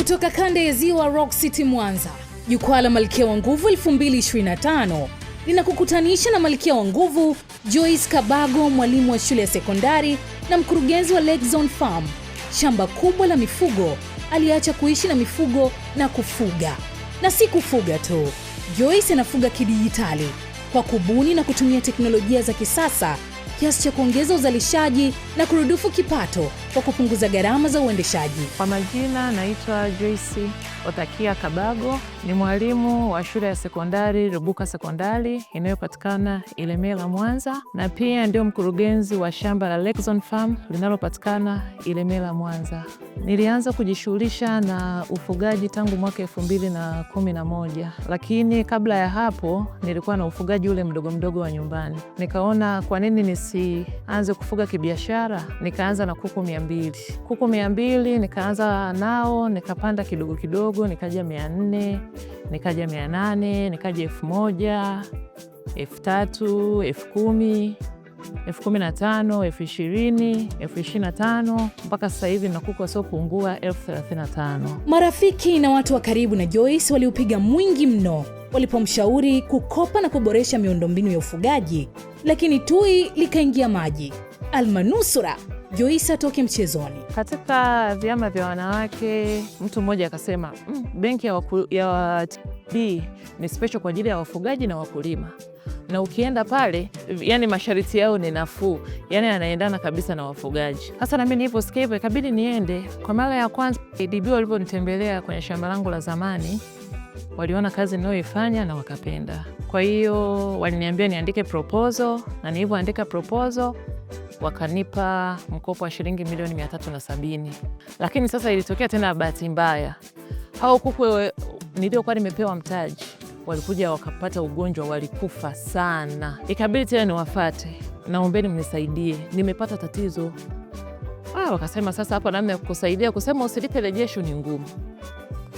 Kutoka kanda ya ziwa Rock City Mwanza, jukwaa la Malkia wa Nguvu 2025 linakukutanisha na Malkia wa Nguvu Joyce Kabago, mwalimu wa shule ya sekondari na mkurugenzi wa Lake Zone Farm, shamba kubwa la mifugo. Aliacha kuishi na mifugo na kufuga, na si kufuga tu. Joyce anafuga kidijitali kwa kubuni na kutumia teknolojia za kisasa kiasi cha kuongeza uzalishaji na kurudufu kipato kwa kupunguza gharama za uendeshaji. Kwa majina, naitwa Joyce Otakia Kabago, ni mwalimu wa shule ya sekondari Rubuka Sekondari inayopatikana Ilemela, Mwanza, na pia ndio mkurugenzi wa shamba la Lexon Farm linalopatikana Ilemela, Mwanza. Nilianza kujishughulisha na ufugaji tangu mwaka elfu mbili na kumi na moja, lakini kabla ya hapo nilikuwa na ufugaji ule mdogo mdogo wa nyumbani. Nikaona kwa nini nisianze kufuga kibiashara, nikaanza na kuku mia mbili kuku mia mbili nikaanza nao, nikapanda kidogo kidogo, nikaja mia nne nikaja mia nane nikaja elfu moja elfu tatu elfu kumi elfu kumi na tano elfu ishirini elfu ishirini na tano mpaka sasa hivi na kuku wasiopungua elfu thelathini na tano. Marafiki na watu wa karibu na Joyce waliupiga mwingi mno walipomshauri kukopa na kuboresha miundombinu ya ufugaji, lakini tui likaingia maji. Almanusura joisa toke mchezoni. Katika vyama vya wanawake, mtu mmoja akasema mm, benki ya tb ni special kwa ajili ya wafugaji na wakulima, na ukienda pale, yani masharti yao ni nafuu, yani anaendana kabisa na wafugaji. Hasa nami niliposikia hivyo, ikabidi niende. Kwa mara ya kwanza DB waliponitembelea kwenye shamba langu la zamani waliona kazi ninayoifanya na wakapenda. Kwa hiyo waliniambia niandike proposal, na nilivyoandika proposal wakanipa mkopo wa shilingi milioni mia tatu na sabini lakini sasa ilitokea tena bahati mbaya, hao kuku niliokuwa nimepewa mtaji walikuja wakapata ugonjwa, walikufa sana, ikabidi tena niwafate, naombeni mnisaidie, nimepata tatizo. Ah, wakasema sasa hapa namna ya kukusaidia, kusema usilipe rejesho ni ngumu,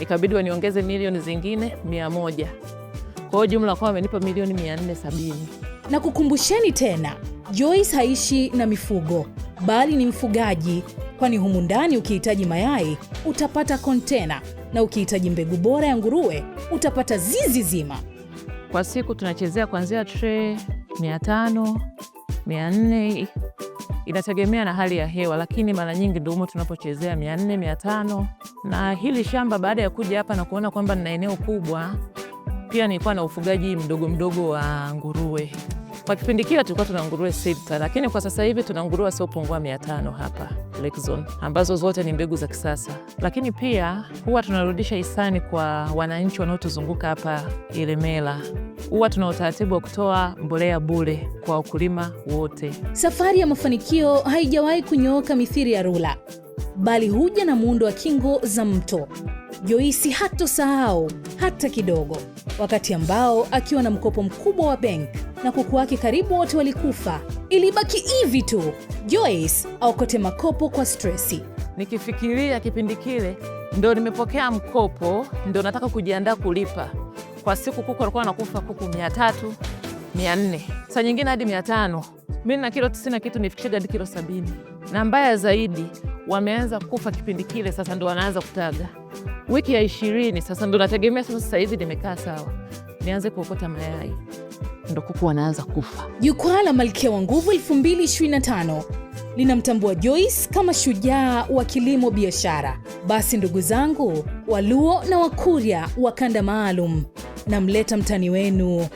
ikabidi waniongeze milioni zingine mia moja kwa hiyo jumla kwa wamenipa milioni mia nne sabini na kukumbusheni tena Joyce haishi na mifugo bali ni mfugaji, kwani humu ndani ukihitaji mayai utapata kontena na ukihitaji mbegu bora ya nguruwe utapata zizi zima. Kwa siku tunachezea kuanzia tray mia tano mia nne inategemea na hali ya hewa, lakini mara nyingi ndio humo tunapochezea mia nne mia tano Na hili shamba baada ya kuja hapa na kuona kwamba nina eneo kubwa, pia nilikuwa na ufugaji mdogo mdogo wa nguruwe. Kwa kipindi kile tulikuwa tuna nguruwe sita, lakini kwa sasa hivi tuna nguruwe wasiopungua mia tano hapa Lake Zone, ambazo zote ni mbegu za kisasa. Lakini pia huwa tunarudisha hisani kwa wananchi wanaotuzunguka hapa Ilemela. Huwa tuna utaratibu wa kutoa mbolea bure kwa wakulima wote. Safari ya mafanikio haijawahi kunyooka mithiri ya rula, bali huja na muundo wa kingo za mto hato hatosahau hata kidogo wakati ambao akiwa na mkopo mkubwa wa benki na kuku wake karibu wote walikufa, ilibaki hivi tu Joyce aokote makopo kwa stresi. Nikifikiria kipindi kile, ndo nimepokea mkopo, ndo nataka kujiandaa kulipa. Kwa siku kuku alikuwa anakufa kuku mia tatu mia nne sa nyingine hadi mia tano Mi na kilo tisini na kitu nifikishe hadi kilo sabini na mbaya zaidi wameanza kufa kipindi kile, sasa ndo wanaanza kutaga wiki ya ishirini sasa ndo nategemea sasa. Sasa nimekaa sawa, nianze kuokota mayai, ndo kuku wanaanza kufa. Jukwaa la Malkia wa Nguvu 2025 linamtambua Joyce kama shujaa wa kilimo biashara. Basi ndugu zangu Waluo na Wakurya wa kanda maalum, namleta mtani wenu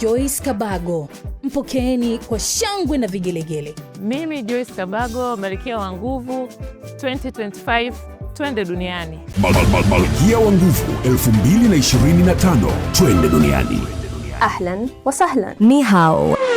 Joyce Kabago, mpokeeni kwa shangwe na vigelegele. Mimi Joyce Kabago, Malkia wa Nguvu 2025 twende duniani. Malkia wa Nguvu 2025 twende duniani. Ahlan wa sahlan. Ni hao